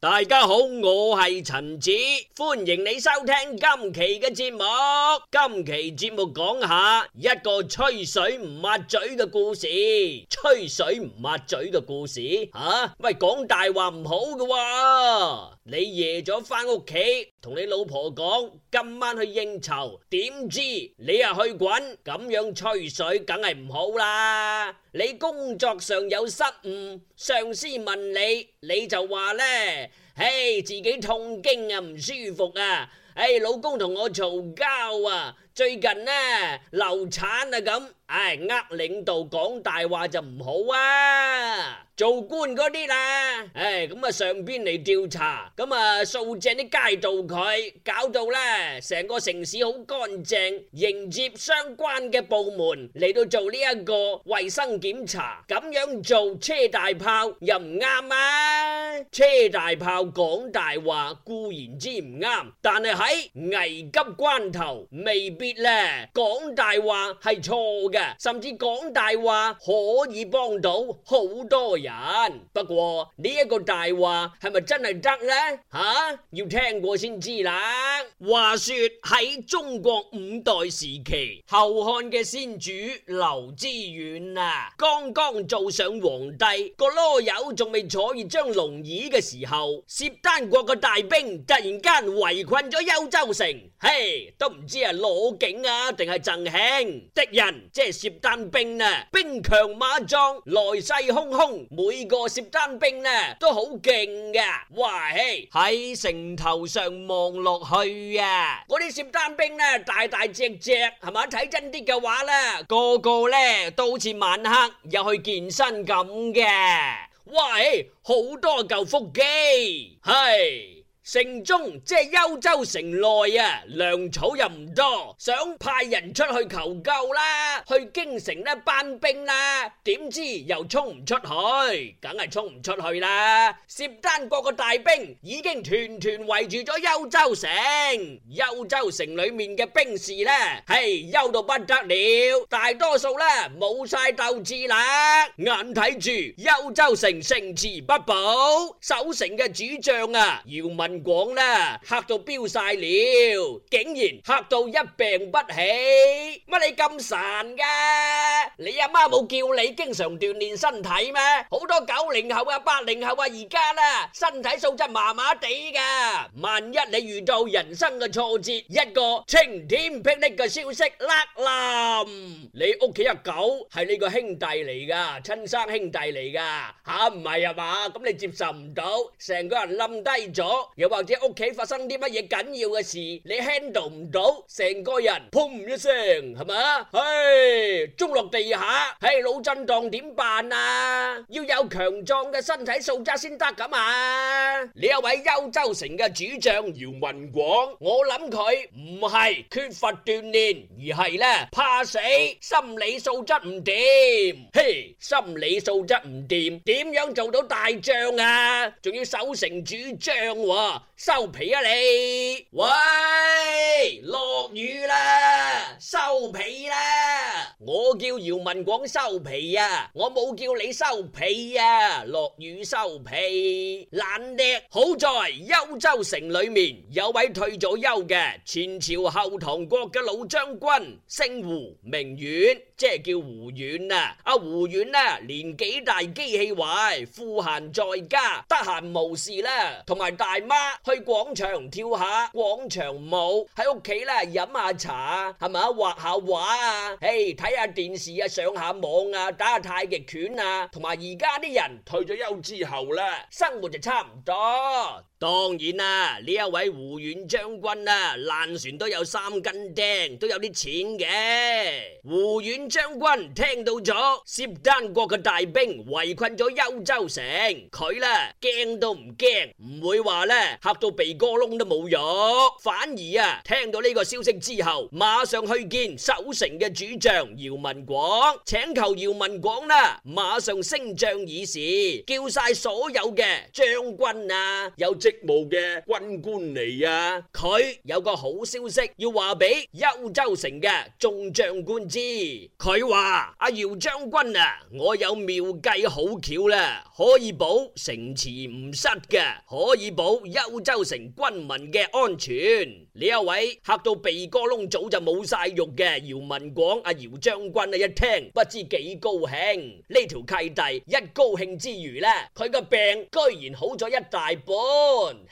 大家好，我係陳子，歡迎你收聽今期嘅節目。今期節目講下一個吹水唔抹嘴嘅故事。吹水唔抹嘴嘅故事啊，喂，講大話唔好嘅。你夜咗返屋企，同你老婆講今晚去應酬，點知你又去滾？咁樣吹水梗係唔好啦。你工作上有失誤，上司問你，你就話咧。唉，hey, 自己痛經啊，唔舒服啊！唉、hey，老公同我嘈交啊！最近呢，流產啊咁，唉、哎，呃領導講大話就唔好啊！做官嗰啲啦，唉、哎，咁、嗯、啊上邊嚟調查，咁啊掃淨啲街道佢，搞到呢，成個城市好乾淨，迎接相關嘅部門嚟到做呢一個衛生檢查，咁樣做車大炮又唔啱啊！車大炮講大話固然之唔啱，但係喺危急關頭未必咧。講大話係錯嘅，甚至講大話可以幫到好多人。不過呢一，這個大話係咪真係得咧？吓、啊，要聽過先知啦。話說喺中國五代時期，後漢嘅先主劉知遠啊，剛剛做上皇帝，個籮柚仲未坐完張龍椅嘅時候，薛丹國嘅大兵突然間圍困咗幽州城，嘿、hey，啊，都唔知係攞景啊定係贈興敵人，即係薛丹、啊丹，啊啊 hey，啊、丹兵呢，兵強馬壯，來勢洶洶，每個薛丹兵呢都好勁噶，哇喺城頭上望落去啊，嗰啲薛丹兵呢大大隻隻，係咪睇真啲嘅話呢，個個呢都好似晚黑入去健身咁嘅。喂，好、欸、多嚿腹肌，係。城中即係幽州城內啊，糧草又唔多，想派人出去求救啦，去京城呢搬兵啦，點知又衝唔出去，梗係衝唔出去啦！薛丹國個大兵已經團團圍住咗幽州城，幽州城裏面嘅兵士呢，嘿，憂到不得了，大多數呢，冇晒鬥志啦，眼睇住幽州城城池不保，守城嘅主將啊，姚文。講啦，嚇到飆晒了，竟然嚇到一病不起，乜你咁孱噶？你阿媽冇叫你經常鍛煉身體咩？好多九零後啊、八零後啊，而家啦，身體素質麻麻地噶。萬一你遇到人生嘅挫折，一個晴天霹靂嘅消息甩冧，你屋企阿狗係你個兄弟嚟噶，親生兄弟嚟噶，吓唔係啊嘛？咁你接受唔到，成個人冧低咗。或者屋企發生啲乜嘢緊要嘅事，你 handle 唔到，成個人砰一聲係嘛？唉，中落地下，係腦震盪點辦啊？要有強壯嘅身體素質先得㗎嘛。呢一位幽州城嘅主將姚文廣，我諗佢唔係缺乏鍛煉，而係咧怕死，嗯、心理素質唔掂。嘿，心理素質唔掂，點樣做到大將啊？仲要守城主將喎、啊？收皮啊！你喂落雨啦，收皮啦！我叫姚文廣收皮啊，我冇叫你收皮啊。落雨收皮，懶叻得。好在幽州城裏面有位退咗休嘅前朝後唐國嘅老將軍，姓胡名遠，即係叫胡遠啊。阿、啊、胡遠啊，年紀大，機器壞，賦閒在家，得閒無事啦，同埋大媽，去廣場跳下廣場舞，喺屋企咧飲下茶，係咪啊？畫下畫啊，誒，睇下電視啊，上下網啊，打下太極拳啊，同埋而家啲人退咗休之後啦，生活就差唔多。當然啦、啊，呢一位胡遠將軍啦、啊，爛船都有三根釘，都有啲錢嘅。胡遠將軍聽到咗薛丹國嘅大兵圍困咗幽州城，佢啦驚都唔驚，唔會話咧吓到鼻哥窿都冇肉。反而啊，聽到呢個消息之後，馬上去見守城嘅主將姚文廣，請求姚文廣啦、啊，馬上升將議事，叫晒所有嘅將軍啊，有。職務嘅軍官嚟啊！佢有個好消息要話俾幽州城嘅眾將官知。佢話：阿、啊、姚將軍啊，我有妙計好巧啦，可以保城池唔失嘅，可以保幽州城軍民嘅安全。呢一位吓到鼻哥窿早就冇晒肉嘅、啊、姚文廣，阿姚將軍啊一聽，不知幾高興。呢條契弟一高興之餘呢，佢個病居然好咗一大步。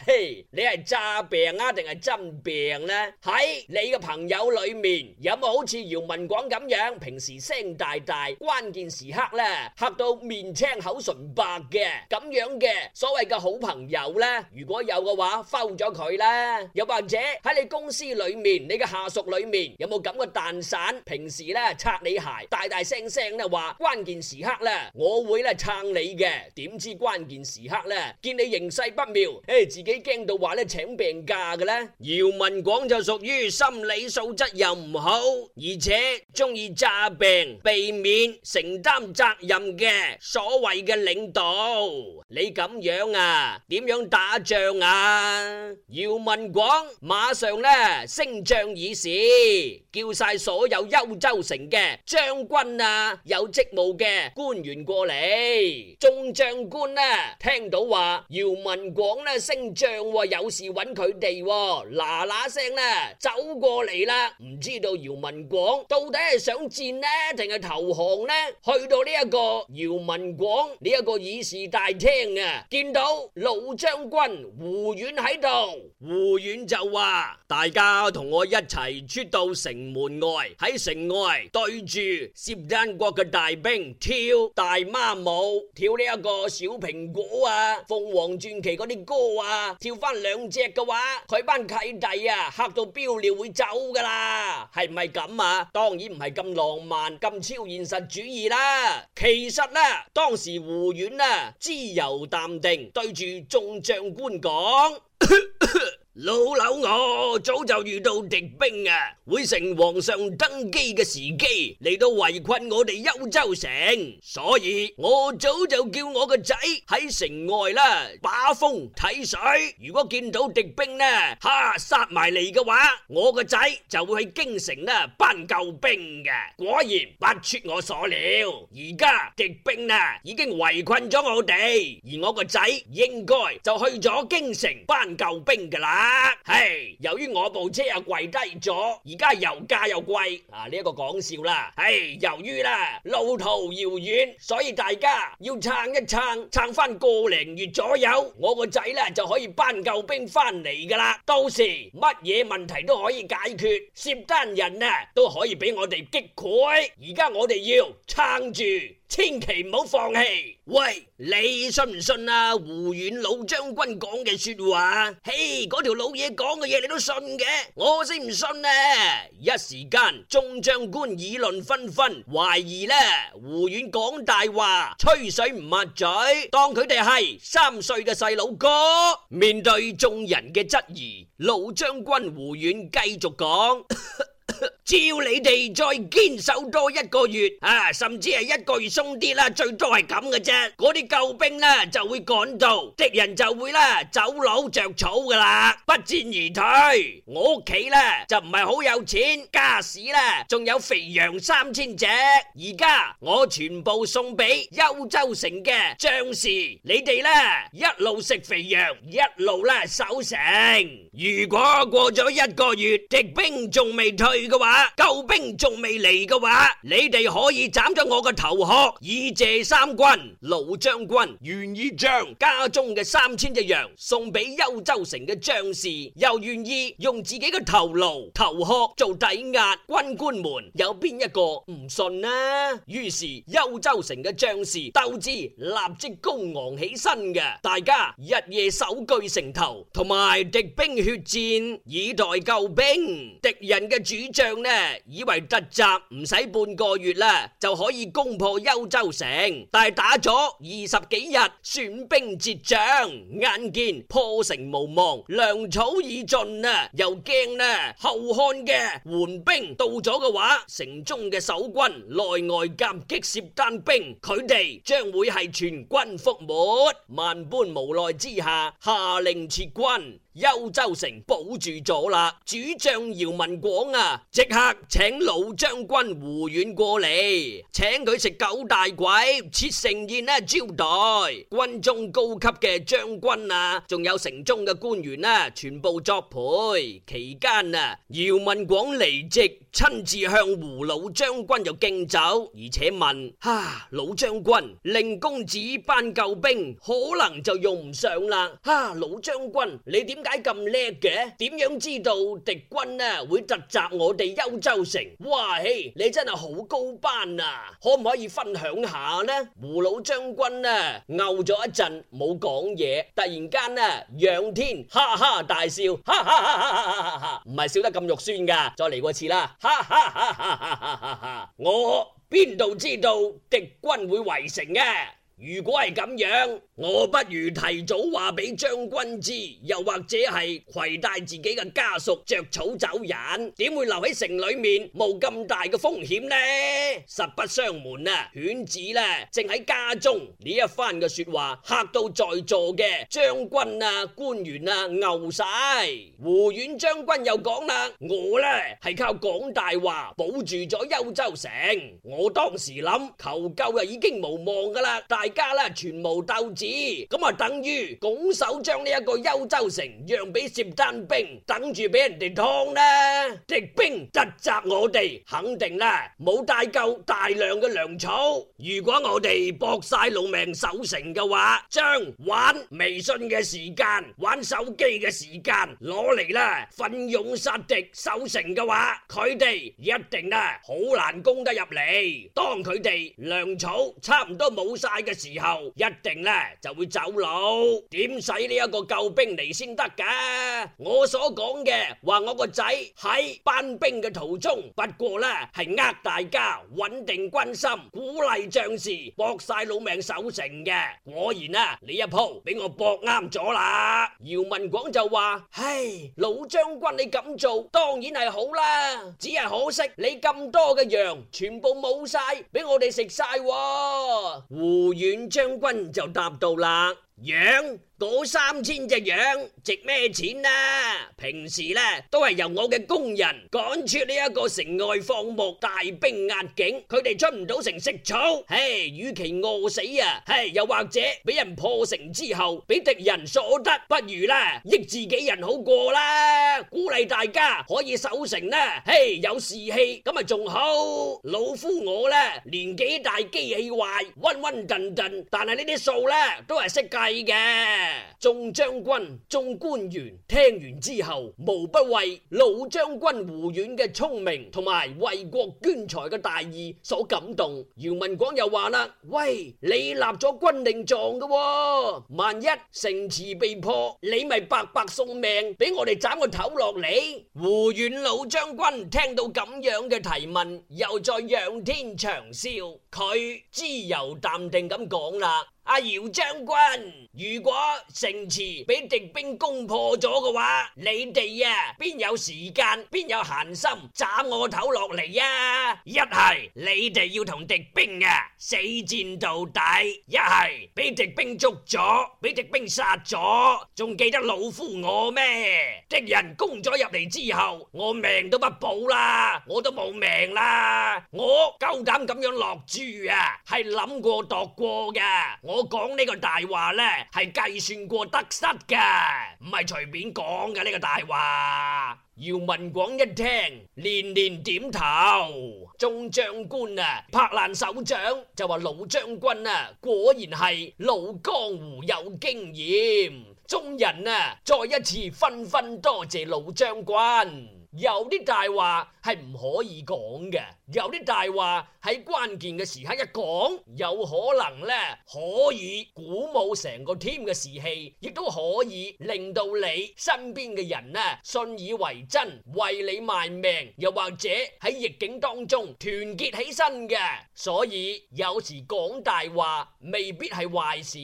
嘿，hey, 你係詐病啊定係真病呢、啊？喺你嘅朋友裏面，有冇好似姚文廣咁樣，平時聲大大，關鍵時刻呢，吓到面青口唇白嘅咁樣嘅所謂嘅好朋友呢？如果有嘅話，剖咗佢啦。又或者喺你公司裏面，你嘅下屬裏面有冇咁嘅蛋散？平時呢，擦你鞋，大大聲聲呢，話關鍵時刻呢，我會咧撐你嘅。點知關鍵時刻呢，見你形勢不妙？自己驚到話咧請病假嘅咧。姚文廣就屬於心理素質又唔好，而且中意詐病避免承擔責任嘅所謂嘅領導。你咁樣啊，點樣打仗啊？姚文廣馬上咧升帳議事，叫晒所有幽州城嘅將軍啊、有職務嘅官員過嚟。眾將官咧聽到話姚文廣咧。升將有事揾佢哋，嗱嗱聲啦，走過嚟啦。唔知道姚文廣到底係想戰呢，定係投降呢？去到呢一個姚文廣呢一個議事大廳啊，見到老將軍胡遠喺度，胡遠就話：大家同我一齊出到城門外，喺城外對住攝丹國嘅大兵跳大媽舞，跳呢一個小蘋果啊，鳳凰傳奇嗰啲歌。跳翻兩隻嘅話，佢班契弟啊嚇到飆尿會走噶啦，係唔係咁啊？當然唔係咁浪漫咁超現實主義啦。其實呢，當時胡遠啊，自由淡定對住眾將官講。 老柳，我早就遇到敵兵啊，會乘皇上登基嘅時機嚟，到圍困我哋幽州城，所以我早就叫我個仔喺城外啦把風睇水。如果見到敵兵呢吓，殺埋嚟嘅話，我個仔就會去京城啦搬救兵嘅。果然不出我所料，而家敵兵啊已經圍困咗我哋，而我個仔應該就去咗京城搬救兵噶啦。係、hey, 由於我部車又跪低咗，而家油價又貴，啊呢一，這個講笑啦。係、hey, 由於啦路途遙遠，所以大家要撐一撐，撐翻個零月左右，我個仔咧就可以搬救兵翻嚟噶啦。到時乜嘢問題都可以解決，契丹人啊都可以俾我哋擊潰。而家我哋要撐住。千祈唔好放棄！喂，你信唔信啊？胡遠老將軍講嘅說話，嘿，嗰條老嘢講嘅嘢你都信嘅，我先唔信呢。一時間眾將官議論紛紛，懷疑呢。胡遠講大話，吹水唔抹嘴，當佢哋係三歲嘅細佬哥。面對眾人嘅質疑，老將軍胡遠繼續講。 只要你哋再堅守多一個月啊，甚至係一個月鬆啲啦，最多係咁嘅啫。啲救兵呢就會趕到，敵人就會啦走佬着草噶啦，不戰而退。我屋企呢就唔係好有錢，家私呢仲有肥羊三千隻，而家我全部送俾幽州城嘅將士。你哋呢一路食肥羊，一路咧守城。如果過咗一個月，敵兵仲未退嘅話，救兵仲未嚟嘅話，你哋可以斬咗我個頭殼以謝三軍。老將軍願意將家中嘅三千隻羊送俾幽州城嘅將士，又願意用自己嘅頭顱頭殼做抵押。軍官們有邊一個唔信呢？於是幽州城嘅將士鬥志立即高昂起身嘅，大家日夜守據城頭，同埋敵兵血戰，以待救兵。敵人嘅主將。以為突襲唔使半個月啦就可以攻破幽州城，但係打咗二十幾日，損兵折將，眼見破城無望，糧草已盡啊，又驚啦，後漢嘅援兵到咗嘅話，城中嘅守軍內外夾擊契丹兵，佢哋將會係全軍覆沒，萬般無奈之下，下令撤軍。幽州城保住咗啦，主將姚文廣啊，即刻請老將軍胡遠過嚟，請佢食九大簋，設盛宴呢、啊、招待軍中高級嘅將軍啊，仲有城中嘅官員呢、啊，全部作陪。期間啊，姚文廣離席，親自向胡老將軍就敬酒，而且問，吓老將軍，令公子班救兵，可能就用唔上啦。吓老將軍，你點？解，咁叻嘅，點樣知道敵軍呢會突襲我哋幽州城？哇嘿，你真係好高班啊！可唔可以分享下呢？胡老將軍呢，嘔咗一陣冇講嘢，突然間呢仰天哈哈大笑，哈哈哈哈哈哈！唔係笑得咁肉酸㗎，再嚟過次啦！哈哈哈哈哈哈！我邊度知道敵軍會圍城嘅？如果係咁樣，我不如提早話俾將軍知，又或者係攜帶自己嘅家屬着草走人，點會留喺城裏面冇，咁大嘅風險呢？實不相瞞啊，犬子呢正喺家中。呢一番嘅說話嚇到在座嘅將軍啊、官員啊、牛晒。胡遠將軍又講啦，我呢係靠講大話保住咗幽州城。我當時諗求救啊已經無望噶啦，但係。大家啦，全無鬥志，咁啊，等於拱手將呢一個幽州城讓俾薛丹兵，等住俾人哋劏啦。敵兵突襲我哋，肯定啦，冇帶夠大量嘅糧草。如果我哋搏晒老命守城嘅話，將玩微信嘅時間、玩手機嘅時間攞嚟啦，奮勇殺敵守城嘅話，佢哋一定啦，好難攻得入嚟。當佢哋糧草差唔多冇晒嘅時候一定咧就會走佬，點使呢一個救兵嚟先得噶？我所講嘅話，我個仔喺班兵嘅途中，不過咧係呃大家穩定軍心，鼓勵將士搏晒老命守城嘅。果然啊，呢一鋪俾我搏啱咗啦！姚文廣就話，唉，老將軍你咁做當然係好啦，只係可惜你咁多嘅羊全部冇晒，俾我哋食晒。胡遠將軍就答到啦。養嗰三千隻羊值咩錢啊？平時呢都係由我嘅工人趕出呢一個城外放牧，大兵壓境，佢哋出唔到城食草。嘿，與其餓死啊，嘿，又或者俾人破城之後俾敵人所得，不如呢益自己人好過啦。鼓勵大家可以守城呢，嘿，有士氣咁啊，仲好。老夫我呢年紀大，機器壞，瘟瘟頓頓，但係呢啲數呢都係識計。係嘅，眾將軍、眾官員聽完之後，無不為老將軍胡遠嘅聰明同埋為國捐財嘅大義所感動。姚文廣又話啦：喂，你立咗軍令狀嘅、哦，萬一城池被破，你咪白白送命，俾我哋斬個頭落嚟。胡遠老將軍聽到咁樣嘅提問，又再仰天長笑，佢自由淡定咁講啦。阿姚將軍，如果城池俾敵兵攻破咗嘅話，你哋啊邊有時間邊有閒心斬我頭落嚟啊！一係你哋要同敵兵啊死戰到底，一係俾敵兵捉咗，俾敵兵殺咗，仲記得老夫我咩？敵人攻咗入嚟之後，我命都不保啦，我都冇命啦，我夠膽咁樣落注啊，係諗過度過㗎我講呢個大話呢係計算過得失噶唔係隨便講噶呢個大話。姚文廣一聽，連連點頭。眾將官啊，拍爛手掌就話老將軍啊，果然係老江湖有經驗。眾人啊，再一次紛紛多謝老將軍。有啲大話係唔可以講嘅，有啲大話喺關鍵嘅時刻一講，有可能呢可以鼓舞成個 team 嘅士氣，亦都可以令到你身邊嘅人呢信以為真，為你賣命，又或者喺逆境當中團結起身嘅。所以有時講大話未必係壞事，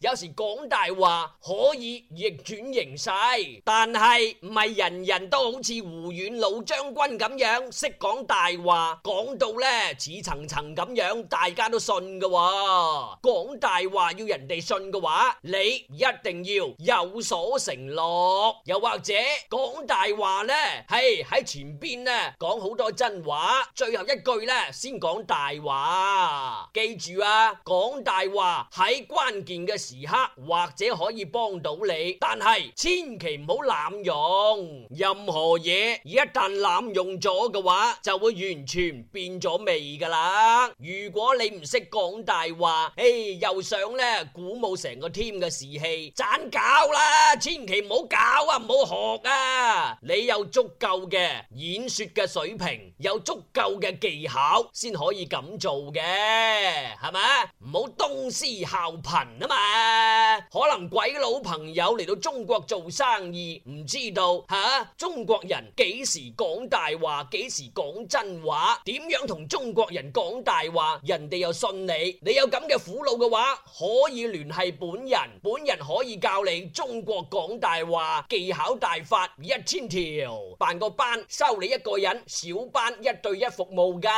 有時講大話可以逆轉形勢，但係唔係人人都好似胡。遠老將軍咁樣識講大話，講到咧似層層咁樣，大家都信㗎。講大話要人哋信嘅話，你一定要有所承諾。又或者講大話咧，係喺前邊咧講好多真話，最後一句咧先講大話。記住啊，講大話喺關鍵嘅時刻，或者可以幫到你，但係千祈唔好濫用任何嘢。一旦濫用咗嘅話，就會完全變咗味噶啦。如果你唔識講大話，誒又想咧鼓舞成個 team 嘅士氣，盞搞啦，千祈唔好搞啊，唔好學啊。你有足夠嘅演說嘅水平，有足夠嘅技巧，先可以咁做嘅，係咪？唔好東施效顰啊嘛。可能鬼佬朋友嚟到中國做生意，唔知道吓中國人。.幾時講大話？幾時講真話？點樣同中國人講大話？人哋又信你？你有咁嘅苦惱嘅話，可以聯繫本人，本人可以教你中國講大話技巧大法一千條，辦個班收你一個人，小班一對一服務㗎。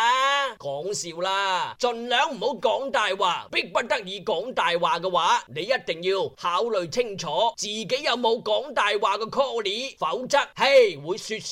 講笑啦，盡量唔好講大話，逼不得已講大話嘅話，你一定要考慮清楚自己有冇講大話嘅 c a l l 否則嘿、hey，會說。